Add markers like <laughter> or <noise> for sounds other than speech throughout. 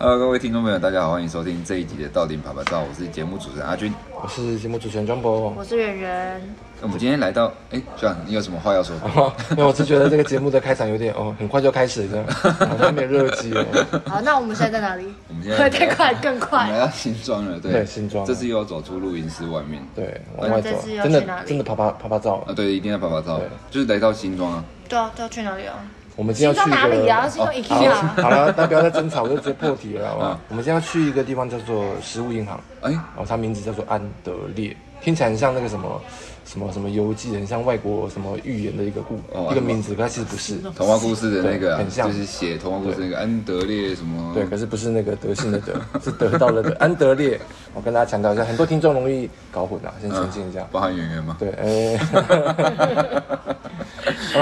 Hello, 各位聽眾朋友，大家好，歡迎收聽這一集的到頂拍拍照。我是節目主持人阿軍，我是節目主持人張博、um，我是圓圓。那我們今天來到，哎、欸，這樣你有什麼話要說嗎、？ <laughs> 哦？沒有，我是覺得這個節目的開場有點，哦，很快就開始這樣，好像有點熱機。 <laughs> 好，那我們現在在哪裡？我們現在更快更快，我們來到新莊了，對，對新莊。這次又要走出錄音室外面，對，我們走這走真的哪裡？真的拍拍照啊？對，一定要拍拍照，對就是來到新莊啊。對啊，都要去哪裡啊、哦？我們今天要去一個，啊、好了、啊，大家、啊、不要再爭吵，我就直接破題了，好不好？ <laughs> 我們今天要去一個地方，叫做食物銀行。哎，然後它名字叫做安得烈，聽起來很像那個什麼。什麼什麼遊記很像外國什麼寓言的一個故一個名字，它其實不是童話故事的那個，很像就是寫童話故事那個安德烈什麼對，可是不是那個德性的德，是得到了的安得烈。我跟大家強調一下，很多聽眾容易搞混啊。先澄清一下，包含演員嗎？對，哎，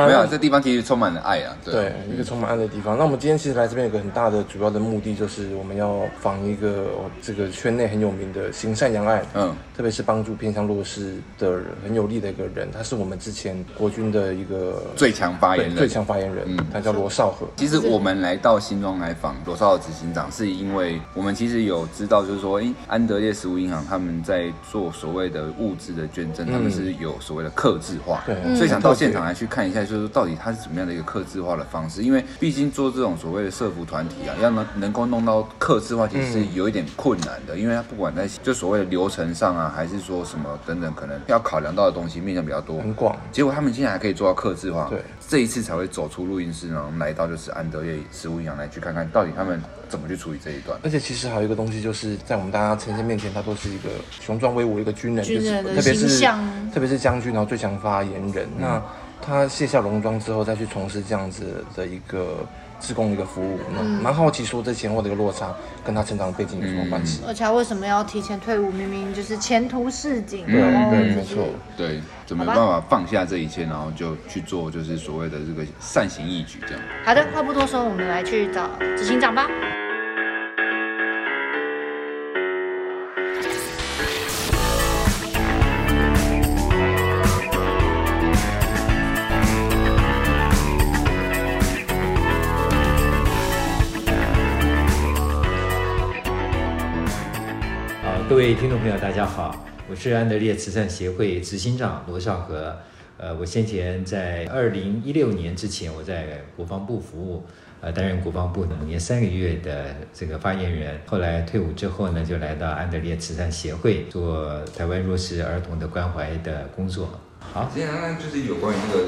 沒有，這地方其實充滿了愛啊，對，一個充滿愛的地方。那我們今天其實來這邊有個很大的主要的目的，就是我們要訪一個這個圈內很有名的行善揚愛，嗯，特別是幫助偏鄉弱勢的人。有力的一個人，他是我們之前國軍的一個最強發言人，最強發言人，嗯，他叫羅紹和。其實我們來到新莊來訪羅紹和執行長，是因為我們其實有知道，就是說，哎、欸，安德烈食物銀行他們在做所謂的物資的捐贈，嗯、他們是有所謂的客製化，對、嗯，所以想到現場來去看一下，就是說到底他是怎麼樣的一個客製化的方式。因為畢竟做這種所謂的社福團體啊，要能能夠弄到客製化，其實是有一點困難的，嗯、因為他不管在就所謂的流程上啊，還是說什麼等等，可能要考量到。東西面向比較多，很廣廣，結果他們竟然還可以做到客製化。對，這一次才會走出錄音室，然後來到就是安得烈食物銀行來去看看到底他們怎麼去處理這一段。而且其實還有一個東西，就是在我們大家呈現面前，他都是一個雄壯威武的一個軍人，就是特別是特別是將軍，然後最強發言人。嗯、那他卸下戎裝之後，再去從事這樣子的一個。自供的一個服務，蠻、嗯、好奇說這前後的一個落差，跟他成長的背景有什麼關係？嗯、而且他為什麼要提前退伍？明明就是前途似錦。對，沒錯，對，就沒有辦法放下這一切，然後就去做好吧 就是所謂的這個善行義舉這樣。好的，話不多說，我們來去找執行長吧。各位聽眾朋友，大家好，我是安得烈慈善協會執行長羅紹和。呃，我先前在二零一六年之前，我在國防部服務，呃，擔任國防部五年三個月的這個發言人。後來退伍之後呢，就來到安得烈慈善協會做台灣弱勢兒童的關懷的工作。好，之前就是有關於這個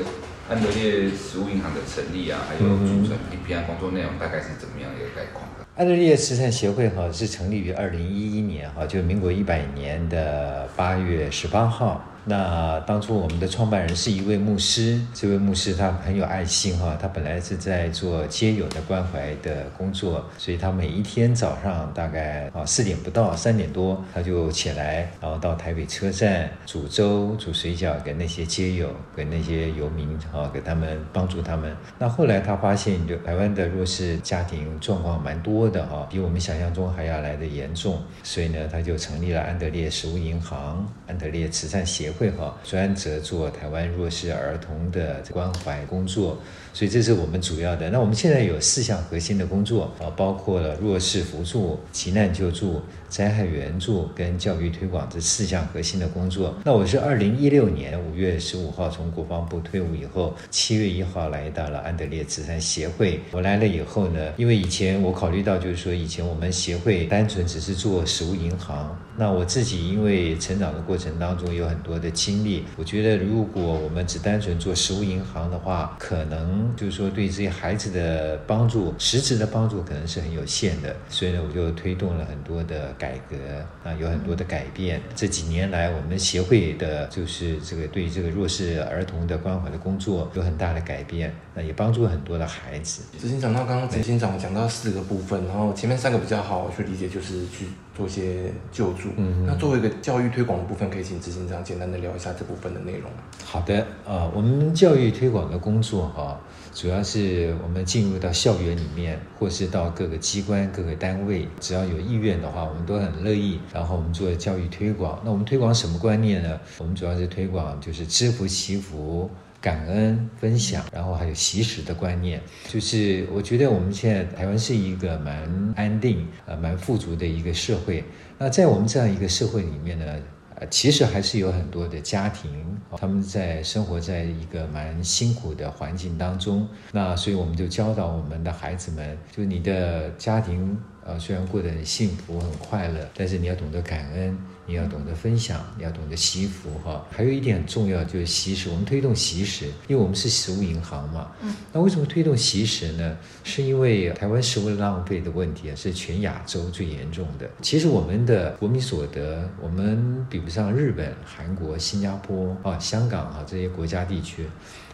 安得烈食物銀行的成立啊，還有組成的一篇工作內容，大概是怎麼樣一個概況？安得烈慈善協會哈是成立於二零一一年哈，就是民國一百年的八月十八號。那當初我們的創辦人是一位牧師，這位牧師他很有愛心哈，他本來是在做街友的關懷的工作，所以他每一天早上大概啊四點不到三點多他就起來，然後到台北車站煮粥、煮水餃給那些街友、給那些遊民啊，給他們幫助他們。那後來他發現就台灣的弱勢家庭狀況蠻多的哈，比我們想象中還要來得嚴重，所以呢他就成立了安得烈食物銀行、安得烈慈善協會。會哈，專責做台灣弱勢兒童的關懷工作。所以這是我們主要的。那我們現在有四項核心的工作啊，包括了弱勢扶助、急難救助、災害援助跟教育推廣這四項核心的工作。那我是二零一六年五月十五號從國防部退伍以後，七月一號來到了安得烈慈善協會。我來了以後呢，因為以前我考慮到就是說，以前我們協會單純只是做食物銀行。那我自己因為成長的過程當中有很多的經歷，我覺得如果我們只單純做食物銀行的話，可能就是說，對這些孩子的幫助，實質的幫助可能是很有限的。所以呢，我就推動了很多的改革啊，有很多的改變。嗯、這幾年來，我們協會的就是這個對這個弱勢兒童的關懷的工作有很大的改變，那、啊、也幫助了很多的孩子。執行長，那剛剛執行長講到四個部分，沒然後前面三個比較好我去理解，就是去做一些救助。嗯哼，那作為一個教育推廣的部分，可以請執行長簡單的聊一下這部分的內容。好的，呃、啊，我們教育推廣的工作啊。對哦主要是我們進入到校園裡面，或是到各個機關、各個單位，只要有意願的話，我們都很樂意。然後我們做教育推廣，那我們推廣什麼觀念呢？我們主要是推廣就是知福、惜福、感恩、分享，然後還有惜食的觀念。就是我覺得我們現在台灣是一個蠻安定、呃蠻富足的一個社會。那在我們這樣一個社會裡面呢，其實還是有很多的家庭，他們在生活在一個蠻辛苦的環境當中。那所以我們就教導我們的孩子們，就你的家庭，呃，雖然過得很幸福、很快樂，但是你要懂得感恩。你要懂得分享，你要懂得惜福，哈，還有一點很重要，就是惜食。我們推動惜食，因為我們是食物銀行嘛。嗯。那為什麼推動惜食呢？是因為台灣食物浪費的問題啊，是全亞洲最嚴重的。其實我們的國民所得，我們比不上日本、韓國、新加坡啊、香港啊這些國家地區，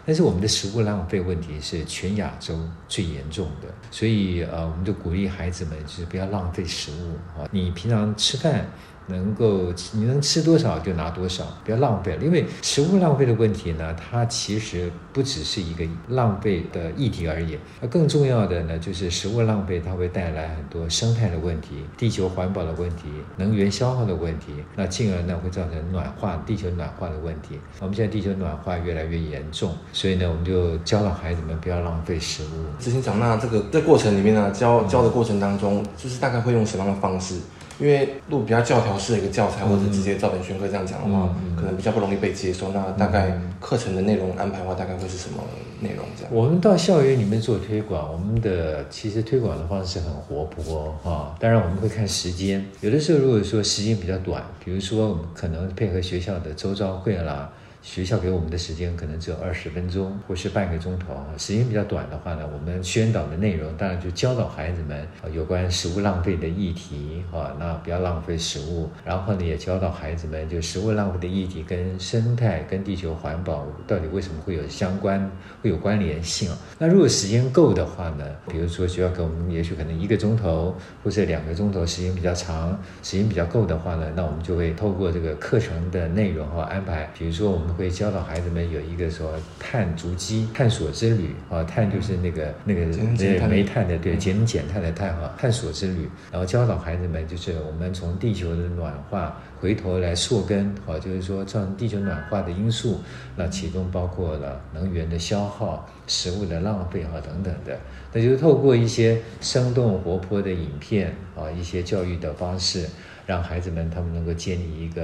但是我們的食物浪費問題是全亞洲最嚴重的。所以呃，啊，我們就鼓勵孩子們就是不要浪費食物啊。你平常吃飯。能夠，你能吃多少就拿多少，不要浪費了。因為食物浪費的問題呢，它其實不只是一個浪費的議題而已。那更重要的呢，就是食物浪費它會帶來很多生態的問題、地球環保的問題、能源消耗的問題，那進而呢會造成暖化、地球暖化的問題。我們現在地球暖化越來越嚴重，所以呢，我們就教導孩子們不要浪費食物。執行長，那這個在、這個、過程裡面呢、啊，教教的過程當中，嗯、就是大概會用什麼樣的方式？因為錄比較教條式的一個教材，嗯、或者直接照本宣科這樣講的話，嗯、可能比較不容易被接受。嗯、那大概課程的內容安排的話，大概會是什麼內容這樣？我們到校園裡面做推廣，我們的其實推廣的方式很活潑啊、哦、當然我們會看時間，有的時候如果說時間比較短，比如說我們可能配合學校的周招會啦。學校給我們的時間可能只有二十分鐘，或是半個鐘頭。時間比較短的話呢，我們宣導的內容當然就教導孩子們有關食物浪費的議題，啊，那不要浪費食物。然後呢，也教導孩子們就食物浪費的議題跟生態、跟地球環保到底為什麼會有相關、會有關聯性。那如果時間夠的話呢，比如說學校給我們也許可能一個鐘頭，或是兩個鐘頭，時間比較長、時間比較夠的話呢，那我們就會透過這個課程的內容和安排，比如說我們，會教導孩子們有一個說碳足跡探索之旅啊，碳就是那個、嗯、那個煤炭的對，減，減減碳的碳哈，探索之旅。然後教導孩子們就是我們從地球的暖化回頭來溯根，啊，就是說造成地球暖化的因素，那其中包括了能源的消耗、食物的浪費啊等等的。那就是透過一些生動活潑的影片啊，一些教育的方式。讓孩子們他們能夠建立一個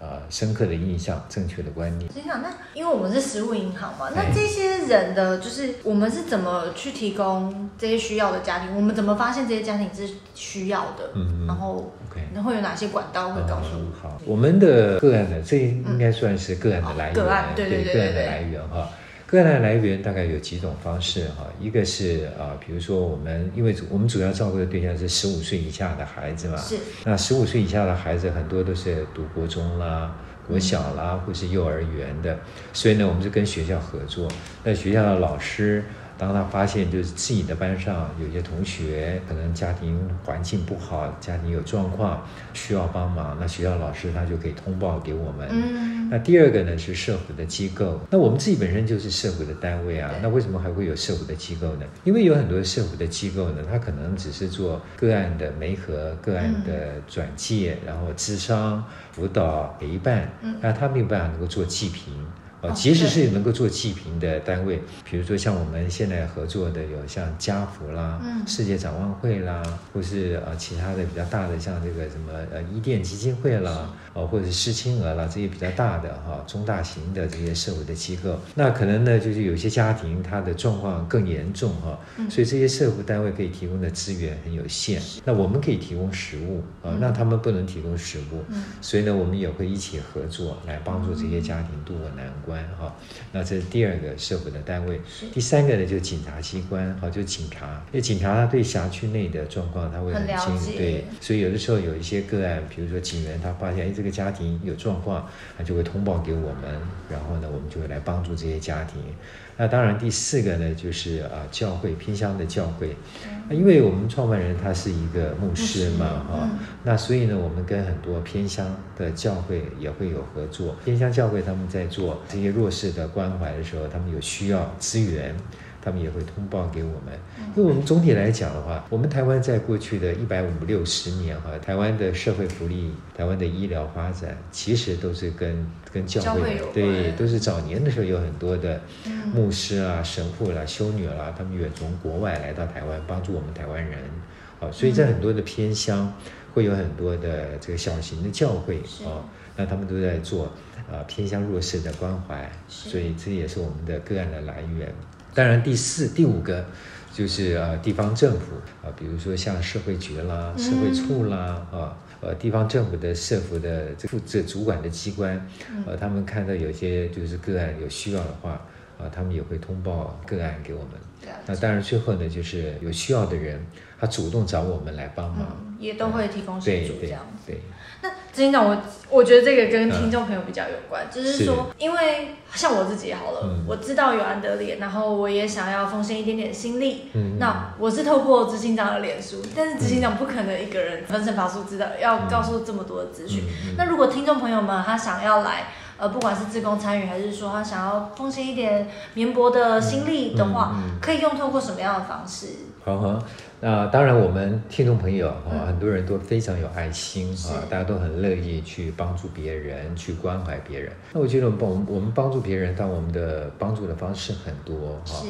呃深刻的印象，正確的觀念。實際上，那因為我們是食物銀行嘛，那這些人的就是我們是怎麼去提供這些需要的家庭？我們怎麼發現這些家庭是需要的？嗯嗯。然後 Okay. 然後有哪些管道會告訴你、哦。好，對我們的個案的這應該算是個案的來源，嗯、個案對，對，對，對，對，對個案的來源哈。個案來源大概有幾種方式哈，一個是啊，比如說我們，因為我們主要照顧的對象是十五歲以下的孩子嘛，是。那十五歲以下的孩子很多都是讀國中啦、國小啦、嗯、或是幼兒園的，所以呢，我們是跟學校合作。那學校的老師，當他發現就是自己的班上有些同學可能家庭環境不好、家庭有狀況需要幫忙，那學校老師他就可以通報給我們。嗯那第二個呢是社服的機構，那我們自己本身就是社服的單位啊，對那為什麼還會有社服的機構呢？因為有很多社服的機構呢，它可能只是做個案的媒合、個案的轉介，嗯、然後諮商輔導陪伴，那、嗯、它沒有辦法能夠做濟貧啊。哦、即使是能夠做濟貧的單位，對比如說像我們現在合作的有像家扶啦、嗯、世界展望會啦，或是呃其他的比較大的像這個什麼呃伊甸基金會啦。哦，或者是失親兒啦，這些比較大的哈，中大型的這些社會的機構，那可能呢，就是有些家庭他的狀況更嚴重哈，嗯、所以這些社會單位可以提供的資源很有限。是那我們可以提供食物、嗯、啊，那他們不能提供食物，嗯、所以呢，我們也會一起合作來幫助這些家庭渡過難關哈。嗯、那這是第二個社會的單位，是第三個呢，就是警察機關哈，就是警察，因為警察他對轄區內的狀況他會很清楚。對，所以有的時候有一些個案，比如說警員他發現欸，這個。一個家庭有狀況，他就會通報給我們，然後呢，我們就會來幫助這些家庭。那當然，第四個呢，就是啊，教會偏鄉的教會，那因為我們創辦人他是一個牧師嘛，哈、嗯啊，那所以呢，我們跟很多偏鄉的教會也會有合作。偏鄉教會他們在做這些弱勢的關懷的時候，他們有需要資源。他們也會通報給我們，因為我們總體來講的話，我們台灣在過去的一百五六十年哈，台灣的社會福利、台灣的醫療發展，其實都是跟跟教會，教會有關，對，都是早年的時候有很多的牧師啊、嗯、神父啦、啊、修女啦、啊，他們遠從國外來到台灣幫助我們台灣人啊，所以在很多的偏鄉會有很多的這個小型的教會啊，那、嗯、他們都在做啊偏鄉弱勢的關懷，是所以這也是我們的個案的來源。當然，第四、第五個就是呃地方政府啊、呃，比如說像社會局啦、嗯、社會處啦啊、呃，呃，地方政府的社服的這負責主管的機關，呃，他們看到有些就是個案有需要的話啊、呃，他們也會通報個案給我們。對那當然，最後呢，就是有需要的人，他主動找我們來幫忙，嗯、也都會提供幫助這樣子。對對對那執行長，我我覺得這個跟聽眾朋友比較有關，嗯、就是說，因為像我自己也好了，嗯、我知道有安德烈，然後我也想要奉獻一點點心力。嗯、那我是透過執行長的臉書，但是執行長不可能一個人分身乏術，知道、嗯、要告訴這麼多的資訊。嗯、那如果聽眾朋友們他想要來，呃，不管是志工參與，還是說他想要奉獻一點綿薄的心力的話，嗯嗯、可以用透過什麼樣的方式？好好，那當然，我們聽眾朋友啊，嗯、很多人都非常有愛心是啊，大家都很樂意去幫助別人，去關懷別人。那我覺得我，幫我們幫助別人，但我們的幫助的方式很多哈，啊、是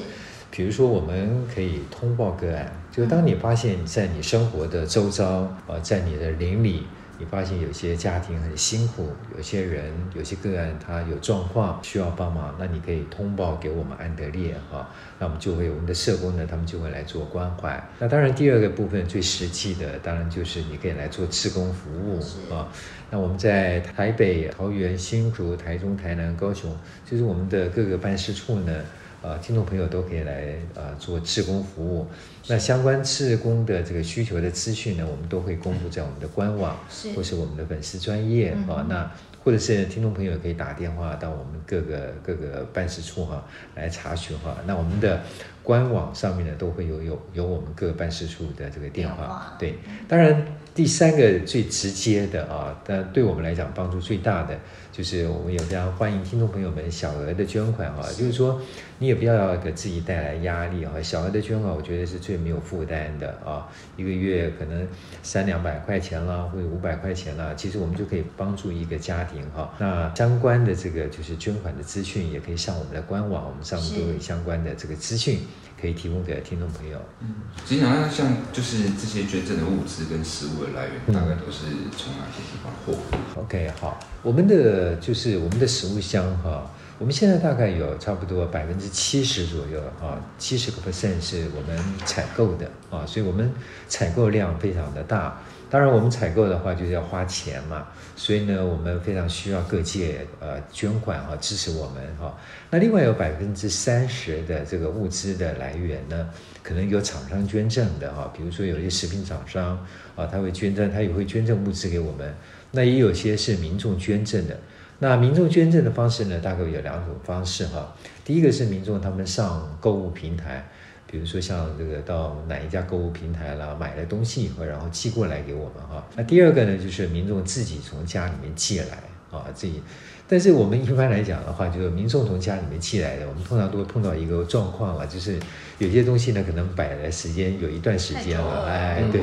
比如說，我們可以通報個案，就是當你發現在你生活的周遭，嗯、啊，在你的鄰里。你發現有些家庭很辛苦，有些人，有些個案他有狀況需要幫忙，那你可以通報給我們安得烈哈，那我們就會我們的社工呢，他們就會來做關懷。那當然第二個部分最實際的，當然就是你可以來做志工服務啊。是那我們在台北、桃園、新竹、台中、台南、高雄，就是我們的各個辦事處呢。呃、啊，聽眾朋友都可以來啊做志工服務。是那相關志工的這個需求的資訊呢，我們都會公布在我們的官網，是或是我們的粉絲專頁是啊。那或者是聽眾朋友可以打電話到我們各個各個辦事處哈、啊、來查詢哈、啊。那我們的官網上面呢，都會有有有我們各個辦事處的這個電話。電話，對，當然第三個最直接的啊，但對我們來講幫助最大的，就是我們也非常歡迎聽眾朋友們小額的捐款哈、啊，是就是說。你也不要給自己帶來壓力，小孩的捐款，我覺得是最沒有負擔的啊。一個月可能三兩百塊錢啦，或者五百塊錢啦。其實我們就可以幫助一個家庭哈。那相關的這個就是捐款的資訊，也可以上我們的官網，我們上面都有相關的這個資訊可以提供給聽眾朋友。嗯，其實好像像就是這些捐贈的物資跟食物的來源，大概都是從哪些地方獲得？OK，好，我們的就是我們的食物箱哈。我們現在大概有差不多百分之七十左右啊，七十個 percent 是我們採購的啊，所以我們採購量非常的大。當然，我們採購的話就是要花錢嘛，所以呢，我們非常需要各界呃捐款啊，支持我們哈。那另外有百分之三十的這個物資的來源呢，可能有廠商捐贈的哈，比如說有些食品廠商啊，他會捐贈，他也會捐贈物資給我們。那也有些是民眾捐贈的。那民眾捐贈的方式呢，大概有兩種方式哈。第一個是民眾他們上購物平台，比如說像這個到哪一家購物平台啦，買了東西以後，然後寄過來給我們哈。那第二個呢，就是民眾自己從家裡面寄來啊，自己。但是我們一般來講的話，就是民眾從家裡面寄來的，我們通常都會碰到一個狀況啊，就是有些東西呢，可能擺的時間有一段時間了，哎，對，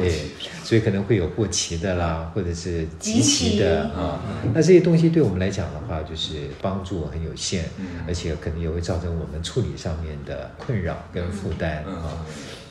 所以可能會有過期的啦，或者是即期的啊。那這些東西對我們來講的話，就是幫助很有限，而且可能也會造成我們處理上面的困擾跟負擔啊。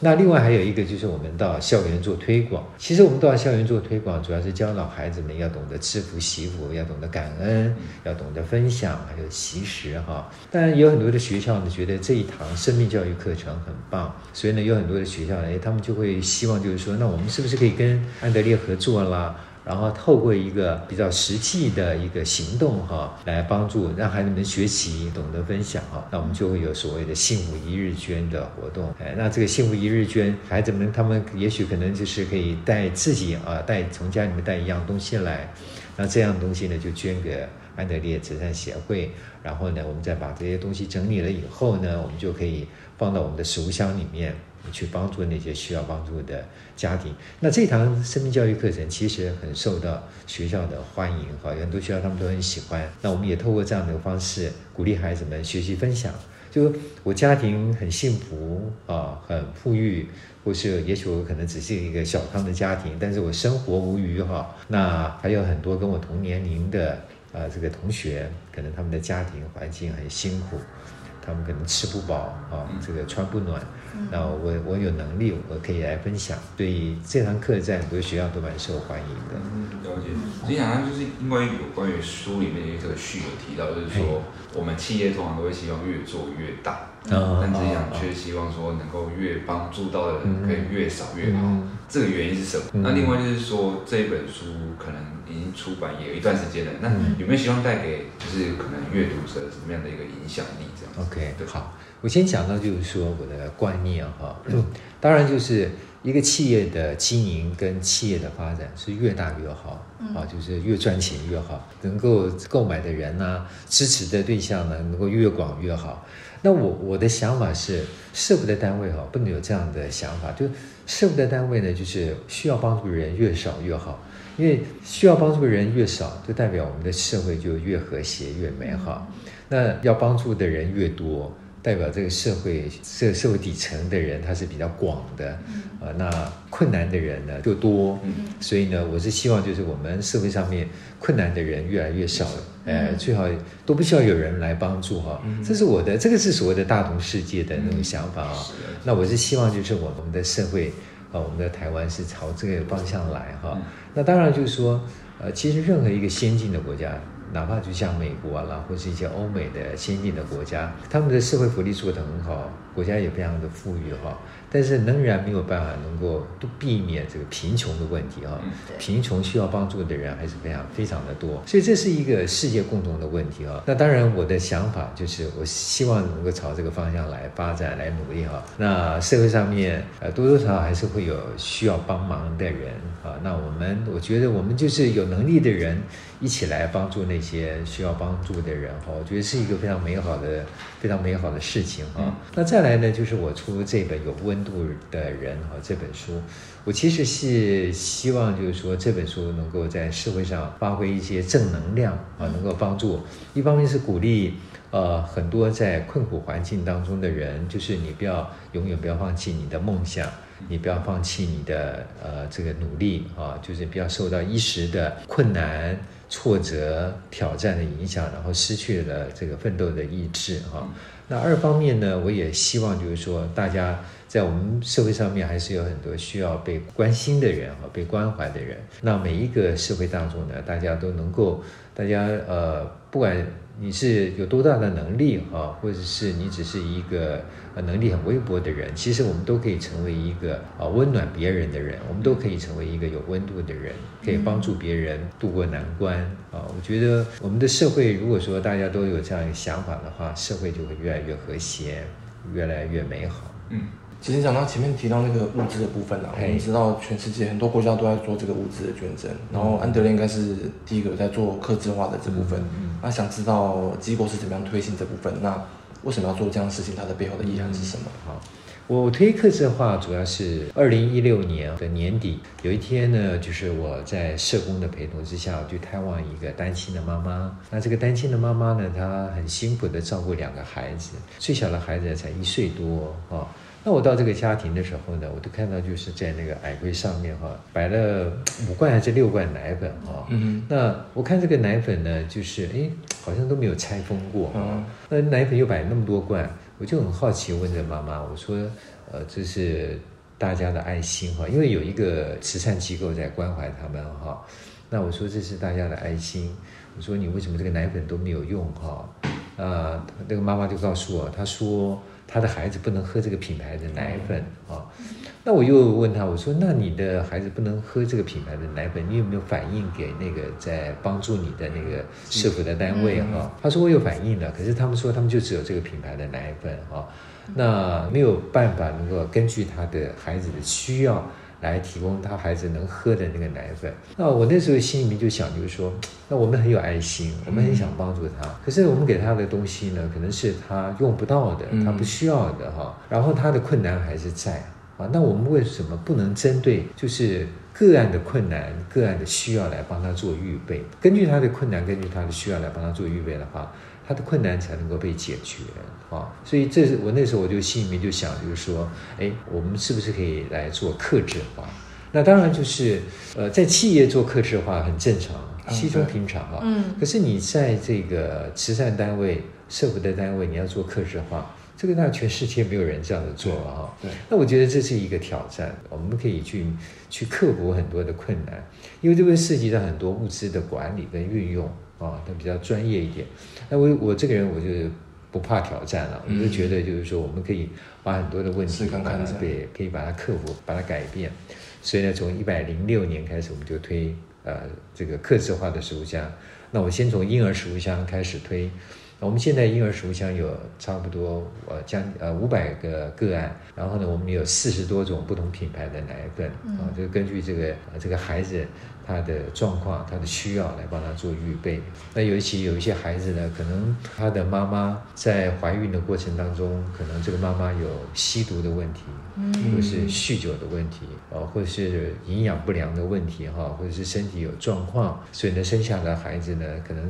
那另外還有一個就是我們到校園做推廣，其實我們到校園做推廣，主要是教導孩子們要懂得知福惜福，要懂得感恩，嗯、要懂得分享，還有其實哈。當然有很多的學校呢，覺得這一堂生命教育課程很棒，所以呢，有很多的學校呢，他們就會希望就是說，那我們是不是可以跟安德烈合作啦？然後透過一個比較實際的一個行動哈、啊，來幫助讓孩子們學習懂得分享哈、啊，那我們就會有所謂的“幸福一日捐”的活動。哎，那這個“幸福一日捐”，孩子們他們也許可能就是可以帶自己啊，帶從家裡面帶一樣東西來，那這樣東西呢就捐給安得烈慈善協會。然後呢，我們再把這些東西整理了以後呢，我們就可以放到我們的食物箱裡面。去幫助那些需要幫助的家庭。那這堂生命教育課程其實很受到學校的歡迎，哈，有很多學校他們都很喜歡。那我們也透過這樣的方式鼓勵孩子們學習分享，就是我家庭很幸福啊，很富裕，或是也許我可能只是一個小康的家庭，但是我生活無虞哈、啊。那還有很多跟我同年齡的啊，這個同學可能他們的家庭環境很辛苦，他們可能吃不飽啊，這個穿不暖。那我我有能力，我可以來分享。對，這堂課在很多學校都蠻受歡迎的。嗯、了解，實際上就是因為有關於書裡面一個序有提到，就是說我們企業通常都會希望越做越大，嗯、但實際上卻希望說能夠越幫助到的人可以越少越好。嗯、這個原因是什麼？嗯、那另外就是說這本書可能，已經出版也有一段時間了，那有沒有希望帶給就是可能閱讀者什麼樣的一個影響力這樣？OK，對好，我先講到就是說我的觀念哈、嗯，當然就是一個企業的經營跟企業的發展是越大越好、嗯、啊，就是越賺錢越好，能夠購買的人吶、啊，支持的對象呢，能夠越廣越好。那我我的想法是，社會的單位哈不能有這樣的想法，就社會的單位呢，就是需要幫助的人越少越好。因為需要幫助的人越少，就代表我們的社會就越和諧越美好。那要幫助的人越多，代表這個社會社、這個、社會底層的人他是比較廣的，嗯呃、那困難的人呢就多。嗯、所以呢，我是希望就是我們社會上面困難的人越來越少，呃、嗯，最好都不需要有人來幫助哈。這是我的，這個是所謂的大同世界的那種想法啊。嗯、那我是希望就是我們的社會。啊，我們的台灣是朝這個方向來哈，那當然就是說，呃，其實任何一個先進的國家，哪怕就像美國啦，或是一些歐美的先進的國家，他們的社會福利做得很好，國家也非常的富裕哈。但是仍然沒有辦法能夠都避免這個貧窮的問題啊、哦，貧窮需要幫助的人還是非常非常的多，所以這是一個世界共同的問題啊、哦。那當然我的想法就是，我希望能夠朝這個方向來發展、來努力啊。那社會上面呃多多少少還是會有需要幫忙的人啊。那我們我覺得我們就是有能力的人，一起來幫助那些需要幫助的人哈，我覺得是一個非常美好的、非常美好的事情。嗯，那再來呢，就是我出這本有溫度的人和這本書，我其實是希望就是說這本書能夠在社會上發揮一些正能量啊，嗯，能夠幫助，一方面是鼓勵呃很多在困苦環境當中的人，就是你不要永遠不要放棄你的夢想。你不要放棄你的呃這個努力啊，就是不要受到一時的困難、挫折、挑戰的影響，然後失去了這個奮鬥的意志哈、啊。那二方面呢，我也希望就是說，大家在我們社會上面還是有很多需要被關心的人哈、啊，被關懷的人。那每一個社會當中呢，大家都能夠，大家呃不管，你是有多大的能力啊，或者是你只是一個能力很微薄的人？其實我們都可以成為一個啊溫暖別人的人，我們都可以成為一個有溫度的人，可以幫助別人渡過難關啊！嗯。我覺得我們的社會，如果說大家都有這樣一個想法的話，社會就會越來越和諧，越來越美好。嗯。其實講到前面提到那個物資的部分啦、啊，我們知道全世界很多國家都在做這個物資的捐贈，然後安德烈應該是第一個在做客製化的這部分。嗯，嗯、啊，想知道機構是怎麼樣推行這部分，那為什麼要做這樣事情？它的背後的意涵是什麼？嗯、我推客製化主要是二零一六年的年底，有一天呢，就是我在社工的陪同之下去探望一個單親的媽媽。那這個單親的媽媽呢，她很辛苦的照顧兩個孩子，最小的孩子才一歲多，哦那我到這個家庭的時候呢，我都看到就是在那個矮櫃上面哈，擺了五罐還是六罐奶粉哈。嗯嗯。那我看這個奶粉呢，就是哎，好像都沒有拆封過。哈，嗯，那奶粉又擺那麼多罐，我就很好奇，問這媽媽，我說，呃，這是大家的愛心哈，因為有一個慈善機構在關懷他們哈。那我說這是大家的愛心，我說你為什麼這個奶粉都沒有用哈？啊，呃，那個媽媽就告訴我，她說。他的孩子不能喝這個品牌的奶粉啊，那我又問他，我說，那你的孩子不能喝這個品牌的奶粉，你有沒有反映給那個在幫助你的那個社會的單位哈？他說我有反映了，可是他們說他們就只有這個品牌的奶粉，那沒有辦法能夠根據他的孩子的需要。來提供他孩子能喝的那個奶粉，那我那時候心裡面就想，就是說，那我們很有愛心，我們很想幫助他，可是我們給他的東西呢，可能是他用不到的，他不需要的哈。然後他的困難還是在啊，那我們為什麼不能針對就是個案的困難、個案的需要來幫他做預備？根據他的困難，根據他的需要來幫他做預備的話，他的困難才能夠被解決啊，所以這是我那時候我就心裡面就想，就是說，哎，我們是不是可以來做客製化？那當然就是，呃，在企業做客製化很正常，稀鬆平常啊。嗯。可是你在這個慈善單位、嗯、社會的單位，你要做客製化，這個那全世界沒有人這樣子做了哈。那我覺得這是一個挑戰，我們可以去去克服很多的困難，因為這個涉及到很多物資的管理跟運用啊，它比較專業一點。那我我這個人，我就不怕挑戰了，我就覺得就是說我們可以把很多的問題對、嗯、可以把它克服，把它改變。所以呢，從一百零六年開始，我們就推呃這個客製化的食物箱。那我先從嬰兒食物箱開始推。我們現在嬰兒食物箱有差不多呃將呃五百個個案。然後呢，我們有四十多種不同品牌的奶粉啊，呃，就根據這個這個孩子，他的狀況、他的需要來幫他做預備。那尤其有一些孩子呢，可能他的媽媽在懷孕的過程當中，可能這個媽媽有吸毒的問題，或者是酗酒的問題，或者是營養不良的問題哈，或者是身體有狀況，所以呢，生下的孩子呢，可能。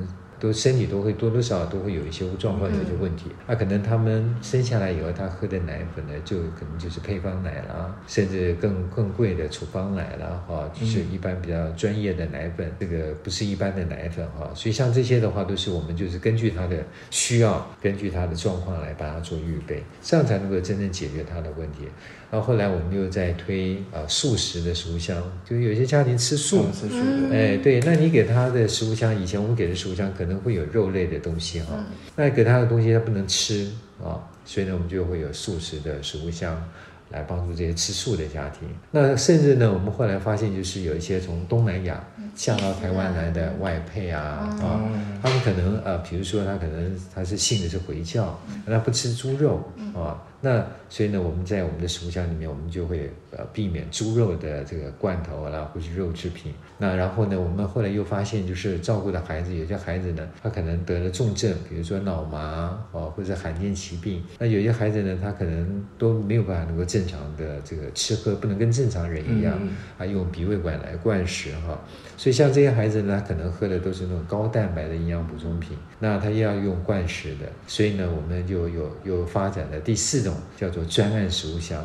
都身體都會多多少少都會有一些狀況，有些問題，那、嗯啊、可能他們生下來以後，他喝的奶粉呢，就可能就是配方奶啦，甚至更更貴的處方奶啦。哈、哦，就是一般比較專業的奶粉，嗯、這個不是一般的奶粉哈、哦，所以像這些的話，都是我們就是根據他的需要，根據他的狀況來把它做預備，這樣才能夠真正解決他的問題。然後後來我們又在推、呃、素食的食物箱，就是有些家庭吃素，吃素哎，對，那你給他的食物箱，以前我們給的食物箱可能會有肉類的東西哈、哦，嗯、那給他的東西他不能吃啊、哦，所以呢我們就會有素食的食物箱來幫助這些吃素的家庭。那甚至呢，我們後來發現就是有一些從東南亞嫁到台灣來的外配啊、嗯、啊他們可能呃，比如說他可能他是信的是回教，他不吃豬肉、嗯、啊，那。所以呢，我們在我們的食物箱裡面，我們就會呃避免豬肉的這個罐頭啦，或者是肉製品。那然後呢，我們後來又發現，就是照顧的孩子，有些孩子呢，他可能得了重症，比如說腦麻哦，或者罕見疾病。那有些孩子呢，他可能都沒有辦法能夠正常的這個吃喝，不能跟正常人一樣、嗯、啊，用鼻胃管來灌食哈、哦。所以像這些孩子呢，他可能喝的都是那種高蛋白的營養補充品。那他要用灌食的，所以呢，我們就有有發展的第四種叫做。專案食物箱，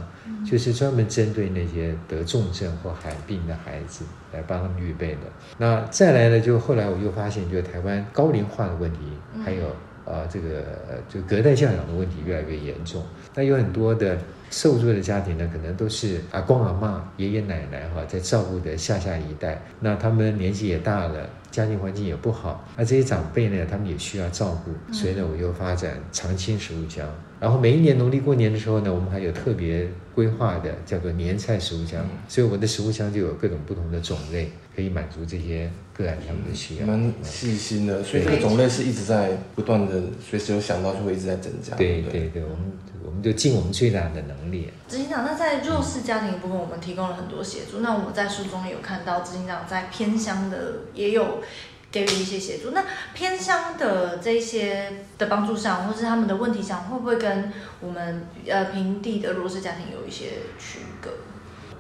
就是專門針對那些得重症或罕病的孩子來幫他們預備的。那再來呢，就後來我又發現，就是台灣高齡化的問題，還有啊、呃，這個就隔代教養的問題越來越嚴重。那有很多的。受助的家庭呢，可能都是阿公阿嬤、爺爺奶奶哈，在照顧的下下一代。那他們年紀也大了，家庭環境也不好。那這些長輩呢，他們也需要照顧。所以呢，我就發展長青食物箱。嗯、然後每一年農曆過年的時候呢，我們還有特別規劃的叫做年菜食物箱。嗯、所以我的食物箱就有各種不同的種類。可以滿足這些個案他們的需要，嗯，蠻細心的。對所以這個種類是一直在不斷的，隨時有想到就會一直在增加。對對對，我們對我們就盡我們最大的能力。啊，執行長，那在弱勢家庭的部分，我們提供了很多協助。嗯、那我在書中有看到，執行長在偏鄉的也有給予一些協助。那偏鄉的這些的幫助上，或是他們的問題上，會不會跟我們呃平地的弱勢家庭有一些區隔？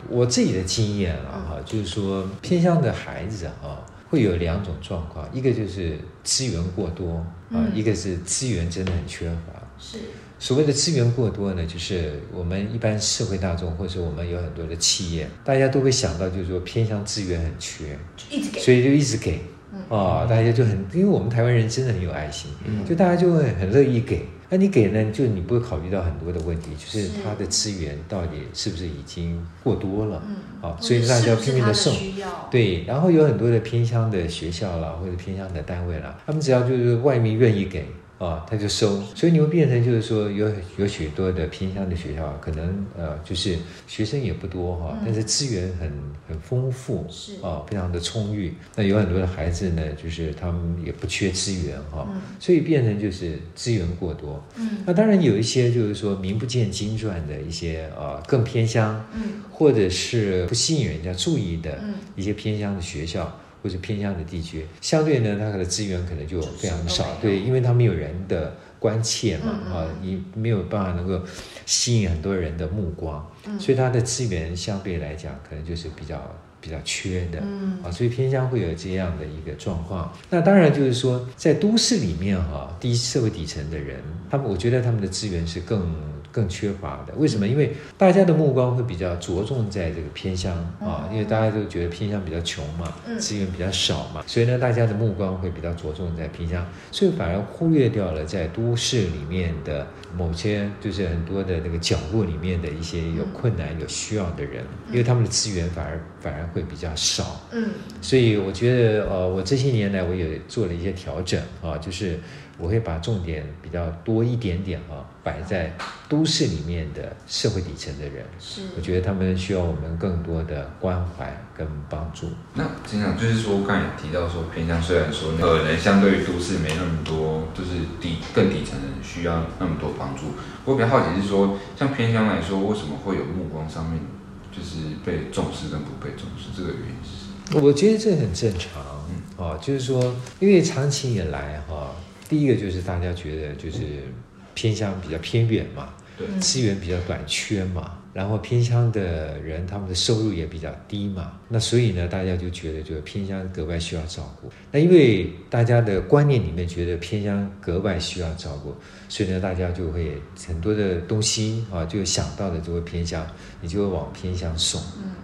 我自己的經驗啊，哈，就是說，偏鄉的孩子啊，會有兩種狀況，一個就是資源過多啊，一個是資源真的很缺乏。是，所謂的資源過多呢，就是我們一般社會大眾，或者是我們有很多的企業，大家都會想到，就是說偏鄉資源很缺，一直給，所以就一直給，啊，大家就很，因為我們台灣人真的很有愛心，就大家就會很樂意給。那你給呢？就你不會考慮到很多的問題，就是他的資源到底是不是已經過多了？嗯，好、啊，所以大家要拼命的送。是是的對，然後有很多的偏鄉的學校啦，或者偏鄉的單位啦，他們只要就是外面願意給。啊、哦，他就收，所以你會變成就是說有，有有許多的偏鄉的學校，可能呃，就是學生也不多哈，但是資源很很豐富，是、哦、啊，非常的充裕。那有很多的孩子呢，就是他們也不缺資源哈、哦，所以變成就是資源過多。嗯，那當然有一些就是說名不見經傳的一些啊、呃，更偏鄉，嗯，或者是不吸引人家注意的一些偏鄉的學校。或者偏鄉的地區，相對呢，它的資源可能就非常少，對，因為它沒有人的關切嘛，嗯嗯啊，你沒有辦法能夠吸引很多人的目光，嗯、所以它的資源相對來講，可能就是比較比較缺的，嗯、啊，所以偏鄉會有這樣的一個狀況。那當然就是說，在都市裡面哈，低、啊、社會底層的人，他們我覺得他們的資源是更更缺乏的，為什麼？因為大家的目光會比較着重在這個偏鄉、嗯、啊，因為大家都覺得偏鄉比較窮嘛，嗯、資源比較少嘛，所以呢，大家的目光會比較着重在偏鄉，所以反而忽略掉了在都市裡面的某些，就是很多的那個角落裡面的一些有困難、嗯、有需要的人，因為他們的資源反而反而會比較少。嗯，所以我覺得，呃，我這些年來，我也做了一些調整啊，就是。我會把重點比較多一點點哈，擺在都市裡面的社會底層的人，是，我覺得他們需要我們更多的關懷跟幫助。那經常就是說，剛才也提到說，偏鄉雖然說可能相對於都市沒那麼多，就是底更底層的人需要那麼多幫助。我比較好奇是說，像偏鄉來說，為什麼會有目光上面就是被重視跟不被重視，這個原因是什麼？我覺得這很正常哦，就是說，因為長期以來哈。第一個就是大家覺得就是偏鄉比較偏遠嘛，資源比較短缺嘛，然後偏鄉的人他們的收入也比較低嘛，那所以呢，大家就覺得就是偏鄉格外需要照顧。那因為大家的觀念裡面覺得偏鄉格外需要照顧。所以呢，大家就會很多的東西啊，就想到的就會偏向，你就會往偏向送，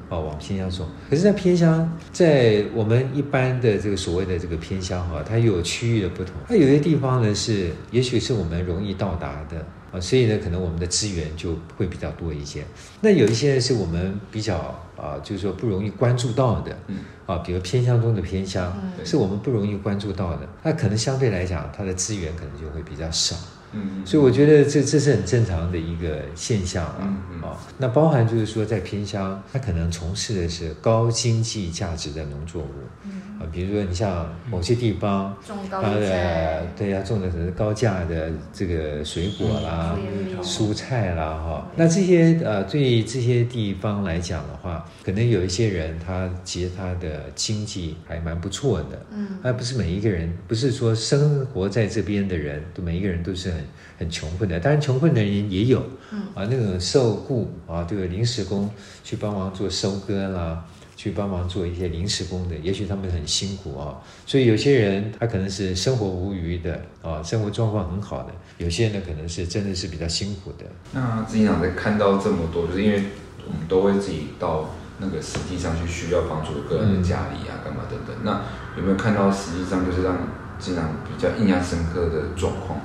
啊，往偏向送。可是，在偏向在我們一般的這個所謂的這個偏鄉哈、啊，它又有區域的不同。它有些地方呢是，也許是我們容易到達的啊，所以呢，可能我們的資源就會比較多一些。那有一些是我們比較啊，就是說不容易關注到的，啊，比如偏鄉中的偏鄉，是我們不容易關注到的，它對可能相對來講，它的資源可能就會比較少。 <noise> 所以我覺得這這是很正常的一個現象了啊、 <noise> 哦。那包含就是說，在偏鄉，他可能從事的是高經濟價值的農作物。比如說你像某些地方，嗯、種高它的對，它種的是高價的這個水果啦、嗯、蔬菜啦，哈、嗯。嗯、那這些呃、嗯啊，對這些地方來講的話，可能有一些人他其實他的經濟還蠻不錯的，嗯。不是每一個人，不是說生活在這邊的人，都每一個人都是很很窮困的。當然，窮困的人也有，嗯、啊，那種受僱啊，對，臨時工去幫忙做收割啦。去幫忙做一些臨時工的，也許他們很辛苦啊、哦，所以有些人他可能是生活無虞的啊、哦，生活狀況很好的，有些人呢可能是真的是比較辛苦的。那執行長在看到這麼多，就是因為我們都會自己到那個實際上去需要幫助個人的家裡啊、嗯、幹嘛等等，那有沒有看到實際上就是讓執行長比較印象深刻的狀況？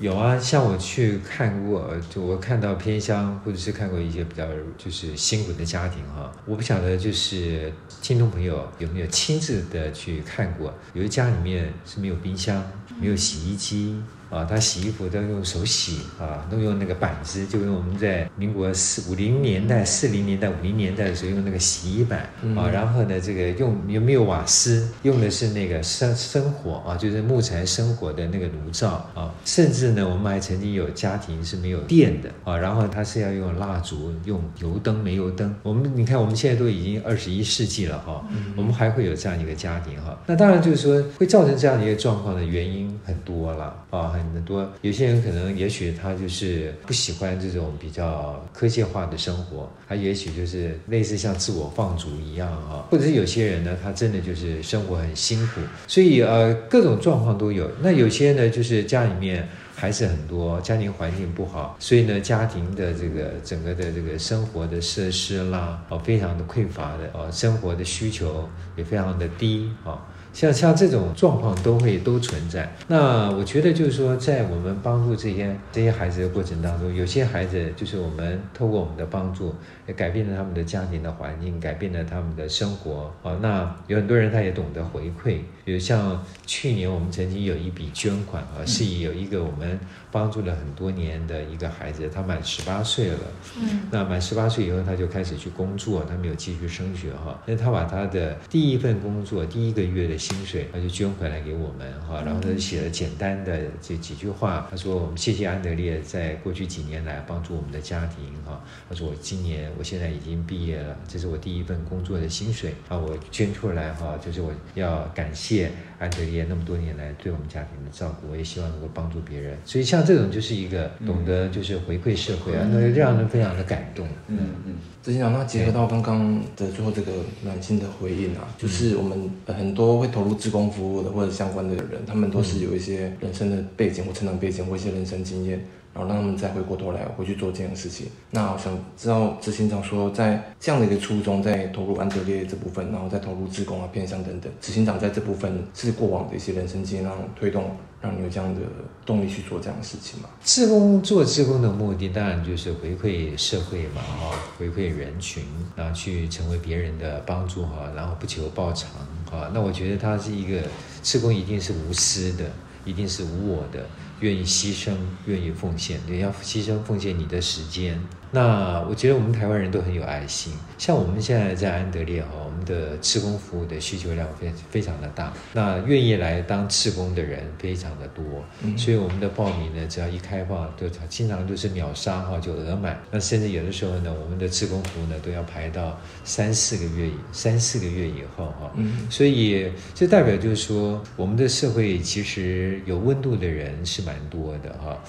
有啊，像我去看過，就我看到偏鄉，或者是看過一些比較就是辛苦的家庭哈，我不曉得就是聽眾朋友有沒有親自的去看過，有的家裡面是沒有冰箱，沒有洗衣機。嗯啊，他洗衣服都要用手洗啊，都用那個板子，就用我們在民國四五零年代、四零年代、五零年代的時候用那個洗衣板、嗯、啊。然後呢，這個用有沒有瓦斯，用的是那個生生火啊，就是木材生火的那個爐灶啊。甚至呢，我們還曾經有家庭是沒有電的啊。然後他是要用蠟燭、用油燈、煤油燈。我們你看，我們現在都已經二十一世紀了哈，啊嗯、我們還會有這樣一個家庭哈、啊？那當然就是說會造成這樣的一個狀況的原因很多了啊。很多有些人可能，也許他就是不喜歡這種比較科技化的生活，他也許就是類似像自我放逐一樣啊，或者是有些人呢，他真的就是生活很辛苦，所以呃，各種狀況都有。那有些呢，就是家裡面還是很多家庭環境不好，所以呢，家庭的這個整個的這個生活的設施啦，哦，非常的匱乏的哦，生活的需求也非常的低啊。像像這種狀況都會都存在。那我覺得就是說，在我們幫助這些這些孩子的過程當中，有些孩子就是我們透過我們的幫助，也改變了他們的家庭的環境，改變了他們的生活啊、哦。那有很多人他也懂得回饋，比如像去年我們曾經有一筆捐款啊、哦，是以有一個我們幫助了很多年的一個孩子，他滿十八歲了。嗯。那滿十八歲以後他就開始去工作，他沒有繼續升學哈，那、哦、他把他的第一份工作第一個月的。薪水，他就捐回來給我們哈，然後他就寫了簡單的這幾句話，他說：“我們謝謝安得烈，在過去幾年來幫助我們的家庭哈。”他說：“我今年我現在已經畢業了，這是我第一份工作的薪水，啊，我捐出來哈，就是我要感謝。”安德烈那麼多年來對我們家庭的照顧，我也希望能夠幫助別人。所以像這種就是一個懂得就是回饋社會啊、嗯，那讓人非常的感動嗯。嗯嗯，主持人，那結合到剛剛的最後這個暖心的回應啊，嗯、就是我們很多會投入志工服務的或者相關的人，他們都是有一些人生的背景或成長背景或一些人生經驗。然後讓他們再回過頭來回去做這樣的事情。那我想知道執行長說，在這樣的一個初衷，在投入安德烈這部分，然後再投入志工啊、偏鄉等等，執行長在這部分是過往的一些人生經驗，讓推動讓你有這樣的動力去做這樣的事情嘛？志工，做志工的目的，當然就是回饋社會嘛，哈，回饋人群，然後去成為別人的幫助哈，然後不求報償哈。那我覺得他是一個志工，一定是無私的，一定是無我的。願意犧牲，願意奉獻，也要犧牲奉獻你的時間。那我覺得我們台灣人都很有愛心。像我們現在在安得烈哈，我們的志工服務的需求量非非常的大。那願意來當志工的人非常的多，所以我們的報名呢只要一開放，就經常都是秒殺哈，就額滿。那甚至有的時候呢，我們的志工服務呢都要排到三四個月，三四個月以後哈。所以這代表就是說，我們的社會其實有溫度的人是。蠻多的哈，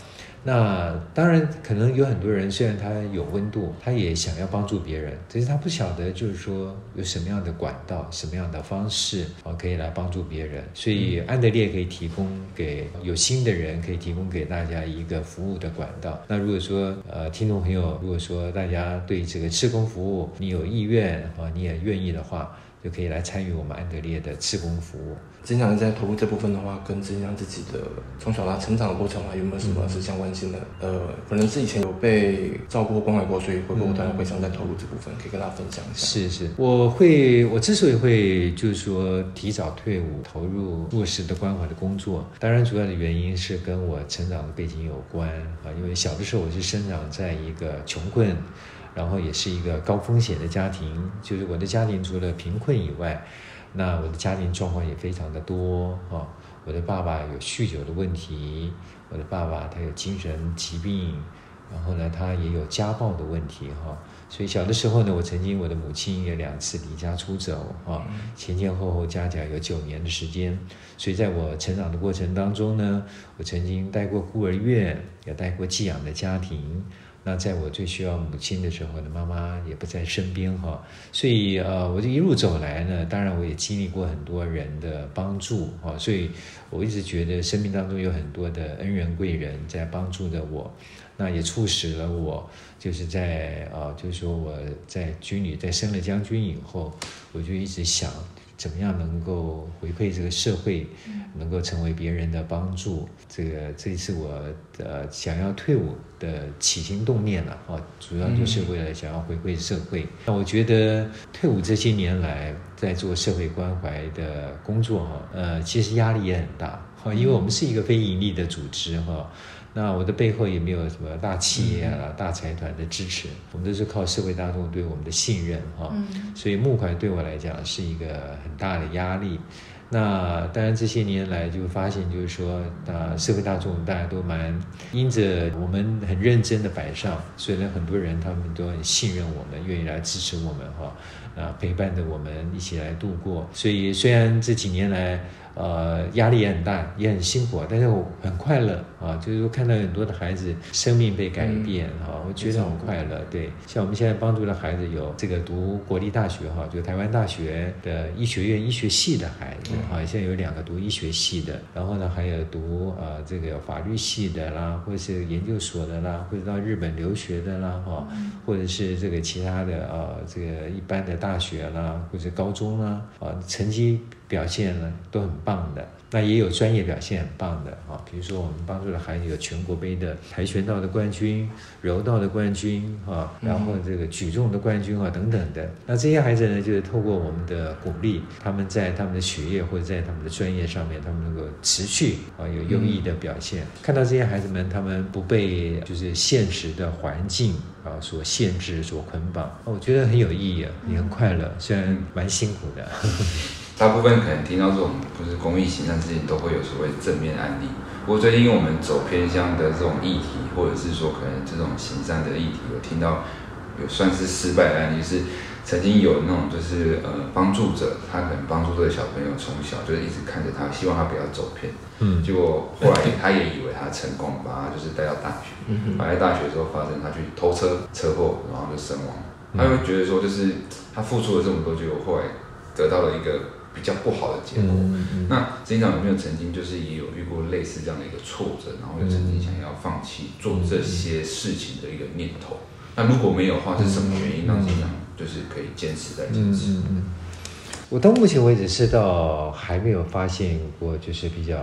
那當然可能有很多人，雖然他有溫度，他也想要幫助別人，只是他不曉得就是說有什麼樣的管道、什麼樣的方式啊，可以來幫助別人。所以安得烈可以提供給有心的人，可以提供給大家一個服務的管道。那如果說呃，聽眾朋友，如果說大家對這個志工服務你有意願啊，你也願意的話，就可以來參與我們安得烈的志工服務。執行長在投入這部分的話，跟執行長自己的從小到成長的過程嘛，有沒有什麼是相關性的？嗯、呃，可能是以前有被照顧、關懷過，所以會，會當然會想在投入這部分，嗯、可以跟大家分享一下。是是，我會，我之所以會就是說提早退伍，投入弱勢的關懷的工作，當然主要的原因是跟我成長的背景有關啊，因為小的時候我是生長在一個窮困，然後也是一個高風險的家庭，就是我的家庭除了貧困以外。那我的家庭狀況也非常的多哈、哦，我的爸爸有酗酒的問題，我的爸爸他有精神疾病，然後呢，他也有家暴的問題哈、哦，所以小的時候呢，我曾經我的母親也兩次離家出走哈、哦，前前後後加起來有九年的時間，所以在我成長的過程當中呢，我曾經待過孤兒院，也待過寄養的家庭。那在我最需要母親的時候呢，媽媽也不在身邊哈，所以呃，我這一路走來呢，當然我也經歷過很多人的幫助啊，所以我一直覺得生命當中有很多的恩人貴人在幫助着我，那也促使了我，就是在呃，就是說我在軍旅在升了將軍以後，我就一直想。怎麼樣能夠回饋這個社會，能夠成為別人的幫助？這個這一次我呃想要退伍的起心動念了啊，主要就是為了想要回饋社會。那、嗯、我覺得退伍這些年來在做社會關懷的工作哈，呃，其實壓力也很大哈，因為我們是一個非盈利的組織哈。呃那我的背後也沒有什麼大企業啊、大財團的支持，我們都是靠社會大眾對我們的信任哈，所以募款對我來講是一個很大的壓力。那當然這些年來就發現就是說，啊，社會大眾大家都蠻，因着我們很認真的擺上，所以呢很多人他們都很信任我們，願意來支持我們哈。啊，陪伴着我們一起來度過，所以雖然這幾年來，呃，壓力也很大，也很辛苦，但是我很快樂啊，就是說看到很多的孩子生命被改變哈、啊，我覺得很快樂。嗯、對，對，像我們現在幫助的孩子有這個讀國立大學哈、啊，就台灣大學的醫學院醫學系的孩子，嗯、啊，現在有兩個讀醫學系的，然後呢還有讀呃、啊、這個法律系的啦，或者是研究所的啦，或者到日本留學的啦哈，啊嗯、或者是這個其他的啊這個一般的。大學啦，啊，或者高中啦，啊，呃，成績表現呢都很棒的。那也有專業表現很棒的啊，比如說我們幫助的孩子有全國杯的跆拳道的冠軍、柔道的冠軍啊，然後這個舉重的冠軍啊等等的。那這些孩子呢，就是透過我們的鼓勵，他們在他們的學業或者在他們的專業上面，他們能夠持續啊有優異的表現。看到這些孩子們，他們不被就是現實的環境啊所限制、所捆綁，我覺得很有意義啊，也很快樂，雖然蠻辛苦的。嗯嗯 <laughs> 大部分可能聽到這種就是公益行善事情，都會有所謂正面案例。不過最近因為我們走偏鄉的這種議題，或者是說可能這種行善的議題，有聽到有算是失敗的案例，是曾經有那種就是呃幫助者，他可能幫助這個小朋友從小就是一直看着他，希望他不要走偏。嗯。結果後來他也以為他成功把他就是帶到大學。嗯哼。來到大學之後，發生他去偷車車禍，然後就身亡。他就覺得說，就是他付出了這麼多，結果後來得到了一個。比較不好的結果。嗯嗯、那執行長有沒有曾經就是也有遇過類似這樣的一個挫折，然後又曾經想要放棄做這些事情的一個念頭？那、嗯、如果沒有的話，是什麼原因讓執行長、嗯、就是可以堅持再堅持、嗯嗯嗯？我到目前為止是到還沒有發現過就是比較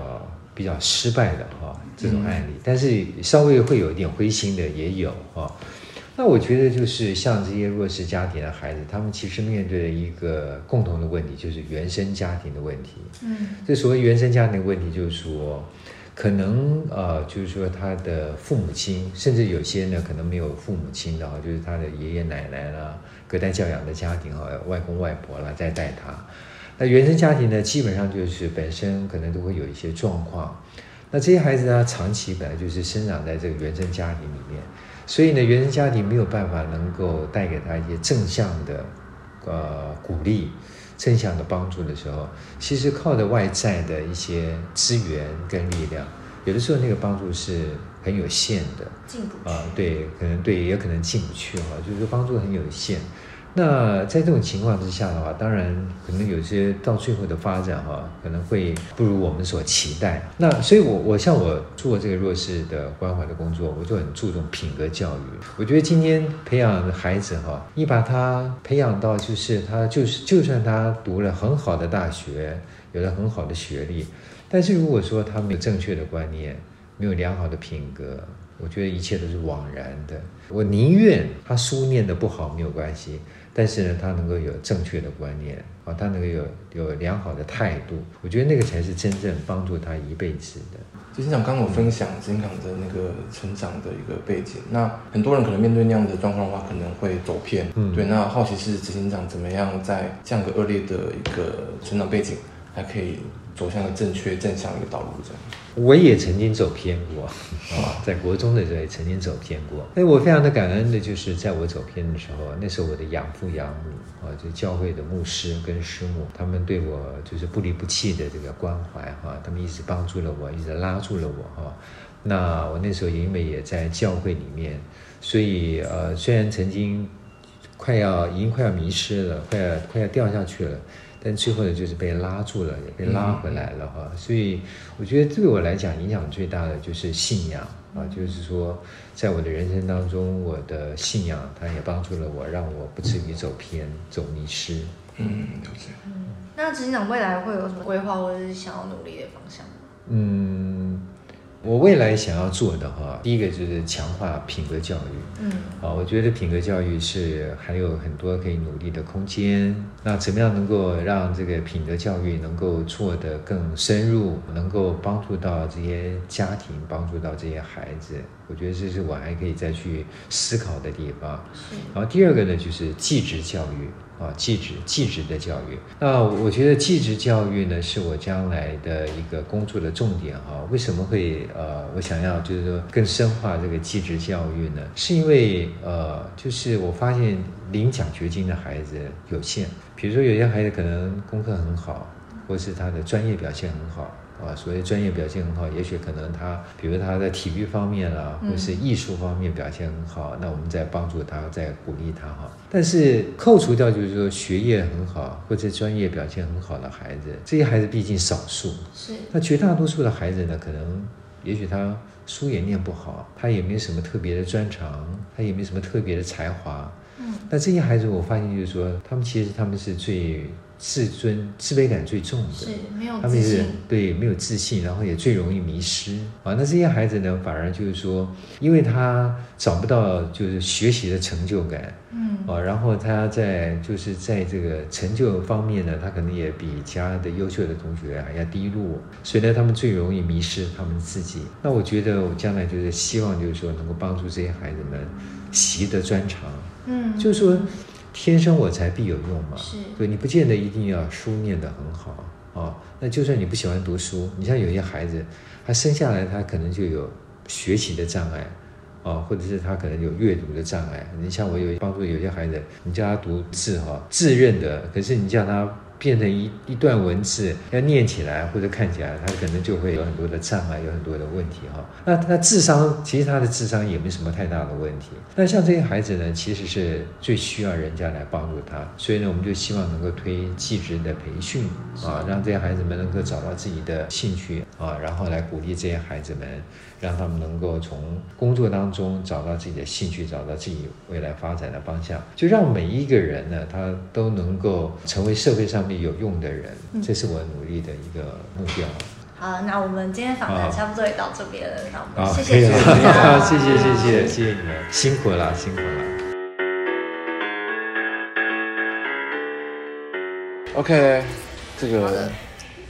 比較失敗的哈、哦、這種案例，嗯、但是稍微會有一點灰心的也有哈、哦。那我覺得就是像這些弱勢家庭的孩子，他們其實面對的一個共同的問題就是原生家庭的問題。嗯，這所謂原生家庭的問題就是說，可能呃就是說他的父母親，甚至有些呢可能沒有父母親的哈，就是他的爺爺奶奶啦隔代教養的家庭哈，外公外婆啦在帶他。那原生家庭呢，基本上就是本身可能都會有一些狀況。那這些孩子呢，長期本來就是生長在這個原生家庭裡面。所以呢，原生家庭沒有辦法能夠帶給他一些正向的，呃，鼓勵、正向的幫助的時候，其實靠著外在的一些資源跟力量，有的時候那個幫助是很有限的。進不去，啊，對，可能對，也有可能進不去哈，就是幫助很有限。那在這種情況之下的話，當然可能有些到最後的發展哈，可能會不如我們所期待。那所以我，我我像我做這個弱勢的關懷的工作，我就很注重品格教育。我覺得今天培養的孩子哈，你把他培養到就是他就是，就算他讀了很好的大學，有了很好的學歷，但是如果說他沒有正確的觀念，沒有良好的品格，我覺得一切都是枉然的。我寧願他書念得不好，沒有關係。但是呢，他能夠有正確的觀念，啊，他能夠有有良好的態度，我覺得那個才是真正幫助他一輩子的。執行長剛剛有分享，執行長的那個成長的一個背景，那很多人可能面對那樣的狀況的話，可能會走偏，嗯、對。那好奇是執行長怎麼樣在這樣的惡劣的一個成長背景，還可以走向一個正確正向的一個道路，就是，這樣。我也曾經走偏過、啊，在國中的時候也曾經走偏過。哎，我非常的感恩的，就是在我走偏的時候，那時候我的養父養母啊，就教會的牧師跟師母，他們對我就是不離不棄的這個關懷哈、啊，他們一直幫助了我，一直拉住了我哈、啊。那我那時候因為也在教會裡面，所以呃，雖然曾經快要已經快要迷失了，快要快要掉下去了。但最後呢，就是被拉住了，也被拉回來了哈。嗯、所以我覺得對我來講，影響最大的就是信仰、嗯、啊，就是說，在我的人生當中，我的信仰它也幫助了我，讓我不至於走偏、嗯、走迷失。嗯，嗯，那執行長未來會有什麼規劃，或者是想要努力的方向嗎？嗯。我未來想要做的哈，第一個就是強化品格教育。嗯，啊，我覺得品格教育是還有很多可以努力的空間。那怎麼樣能夠讓這個品格教育能夠做得更深入，能夠幫助到這些家庭，幫助到這些孩子？我覺得這是我還可以再去思考的地方。是然後第二個呢，就是繼職教育。啊，技、哦、職技職的教育，那我覺得技職教育呢，是我將來的一個工作的重點哈、哦。為什麼會呃，我想要就是說更深化這個技職教育呢？是因為呃，就是我發現領獎學金的孩子有限，比如說有些孩子可能功課很好，或是他的專業表現很好。啊，所以專業表現很好，也許可能他，比如他在體育方面啊，或者是藝術方面表現很好，嗯。那我們再幫助他，再鼓勵他哈。但是扣除掉就是說學業很好或者專業表現很好的孩子，這些孩子畢竟少數。是。那絕大多數的孩子呢，可能也許他書也念不好，他也沒什麼特別的專長，他也沒什麼特別的才華。嗯。但這些孩子，我發現就是說，他們其實他們是最。自尊、自卑感最重的，是沒有自信，就是，對，沒有自信，然後也最容易迷失啊。那這些孩子呢，反而就是說，因為他找不到就是學習的成就感，嗯，啊，然後他在就是在這個成就方面呢，他可能也比其他的優秀的同學啊要低落，所以呢，他們最容易迷失他們自己。那我覺得我將來就是希望就是說，能夠幫助這些孩子們習得專長，嗯，就是說。天生我材必有用嘛，是對，你不見得一定要書念得很好啊、哦。那就算你不喜歡讀書，你像有些孩子，他生下來他可能就有學習的障礙啊、哦，或者是他可能有閱讀的障礙。你像我有幫助有些孩子，你叫他讀字哈、哦，字認得。可是你叫他。變成一一段文字，要念起來或者看起來，他可能就會有很多的障礙，有很多的問題哈、哦。那他智商其實他的智商也沒什麼太大的問題。那像這些孩子呢，其實是最需要人家來幫助他，所以呢，我們就希望能夠推技職的培訓啊，讓這些孩子們能夠找到自己的興趣啊，然後來鼓勵這些孩子們。讓他們能夠從工作當中找到自己的興趣，找到自己未來發展的方向，就讓每一個人呢，他都能夠成為社會上面有用的人，嗯，這是我努力的一個目標。好，那我們今天訪談差不多也到這邊了，那我們謝謝，謝謝，謝謝，謝謝你們，辛苦了，辛苦了。OK，這個。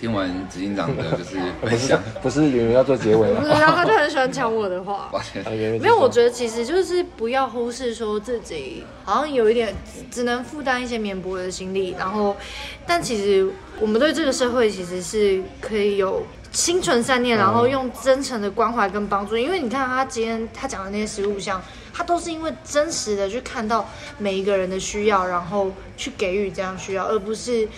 聽完執行長的就是 <laughs> 不是不是有人要做結尾嗎、？ <laughs> 啊？然後他就很喜歡搶我的話， <laughs> 歉 okay, 沒有，受我覺得其實就是不要忽視說，自己好像有一點只能負擔一些綿薄的心力，然後但其實我們對這個社會其實是可以有心存善念，然後用真誠的關懷跟幫助。嗯、因為你看他今天他講的那些食物箱，他都是因為真實的去看到每一個人的需要，然後去給予這樣需要，而不是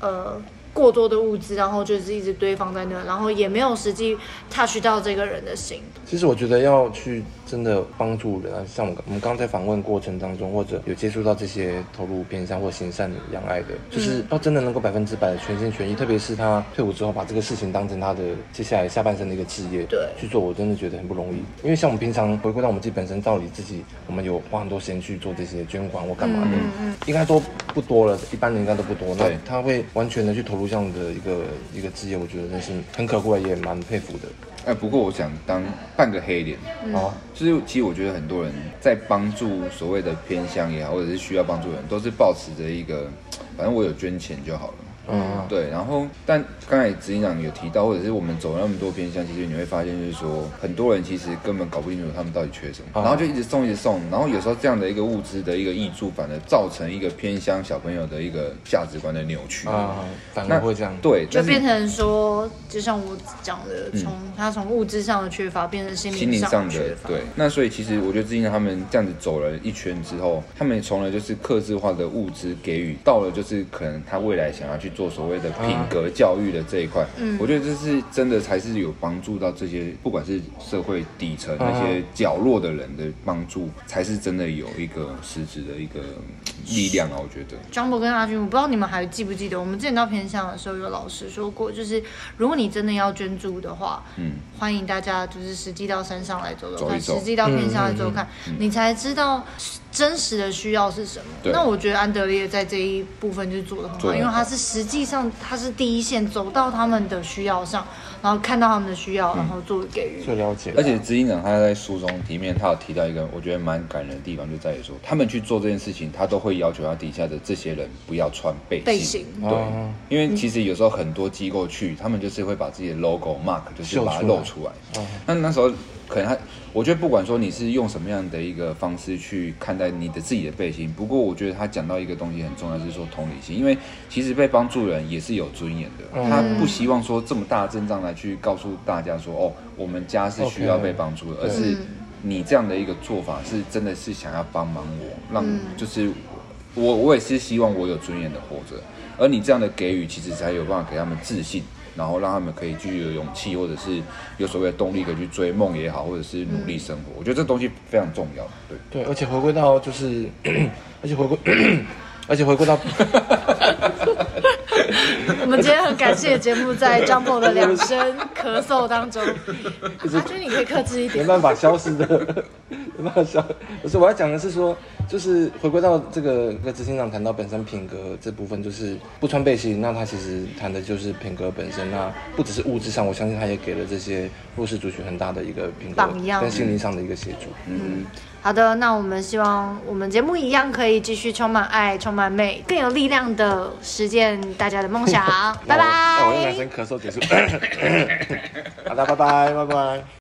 呃。過多的物資，然後就是一直堆放在那，然後也沒有實際 touch 到這個人的心。其實我覺得要去。真的幫助人，啊，像我們剛剛在訪問過程當中，或者有接觸到這些投入偏向、或行善的揚愛的，就是他真的能夠百分之百的全心全意，特別是他退伍之後，把這個事情當成他的接下來下半生的一個職業去做，我真的覺得很不容易。因為像我們平常回顧到我們自己本身，到底自己我們有花很多錢去做這些捐款或幹嘛的，嗯、應該都不多了，一般人應該都不多。那他會完全的去投入這樣的一個一個職業，我覺得真的是很可貴，也蠻佩服的。哎，不過我想當半個黑臉哦。就是其實我覺得很多人在幫助所謂的偏鄉也好，或者是需要幫助的人，都是抱持着一個，反正我有捐錢就好了。嗯，對。然後，但剛才執行長有提到，或者是我們走了那麼多偏鄉，其實你會發現，就是說很多人其實根本搞不清楚他們到底缺什麼，然後就一直送，一直送。然後有時候這樣的一個物資的一個益處反而造成一個偏鄉小朋友的一個價值觀的扭曲啊。反而不會這樣，對，就變成說。就像我講的，從、嗯、他從物質上的缺乏變成心理上的缺乏，心，理上的，對。那所以其實我覺得，最近他們這樣子走了一圈之後，對他們從來就是客製化的物質給予，到了就是可能他未來想要去做所謂的品格教育的這一塊，嗯、我覺得這是真的才是有幫助到這些不管是社會底層那些角落的人的幫助，對才是真的有一個實質的一個力量啊！我覺得。Jumbo、um、跟阿軍，我不知道你們還記不記得，我們之前到偏鄉的時候，有老師說過，就是如果。你真的要捐助的話，嗯，歡迎大家就是實際到山上來走走看，走走實際到偏鄉來走看，嗯嗯嗯，你才知道真實的需要是什麼？對那我覺得安德烈在這一部分就做得很好，很好，因為他是實際上他是第一線，走到他們的需要上。然後看到他們的需要，嗯、然後做給予。最了解了。而且，執行長他在書中裡面，他有提到一個我覺得蠻感人的地方，就在於說他們去做這件事情，他都會要求他底下的這些人不要穿背心、背心。對，哦、因為其實有時候很多機構去，他們就是會把自己的 logo、嗯、mark 就是把它露出來。那、哦、那時候。可能他，我覺得不管說你是用什麼樣的一個方式去看待你的自己的背心，不過我覺得他講到一個東西很重要，是說同理心。因為其實被幫助人也是有尊嚴的，他不希望說這麼大陣仗來去告訴大家說，哦，我們家是需要被幫助的，而是你這樣的一個做法是真的是想要幫忙我，讓就是我我也是希望我有尊嚴的活着，而你這樣的給予其實才有辦法給他們自信。然後讓他們可以具有勇氣，或者是有所謂的動力，可以去追夢也好，或者是努力生活。嗯、我覺得這東西非常重要，對對。而且回歸到就是，咳咳而且回歸咳咳，而且回歸到。 <laughs> <laughs> <laughs> <laughs> <laughs> 我們今天很感謝節目，在張某的兩聲咳嗽當中，我覺得你可以克制一點，沒辦法消失的，沒辦法消。不是，我要講的是說，就是回歸到這個跟執行長談到本身品格這部分，就是不穿背心，那他其實談的就是品格本身，那不只是物質上，我相信他也給了這些弱勢族群很大的一個品格跟心靈上的一個協助。樣嗯。好的，那我們希望我們節目一樣可以繼續充滿愛、充滿美、更有力量的實現大家的夢想。拜拜 <laughs> bye。我用一聲咳嗽結束。好的，拜拜，拜拜。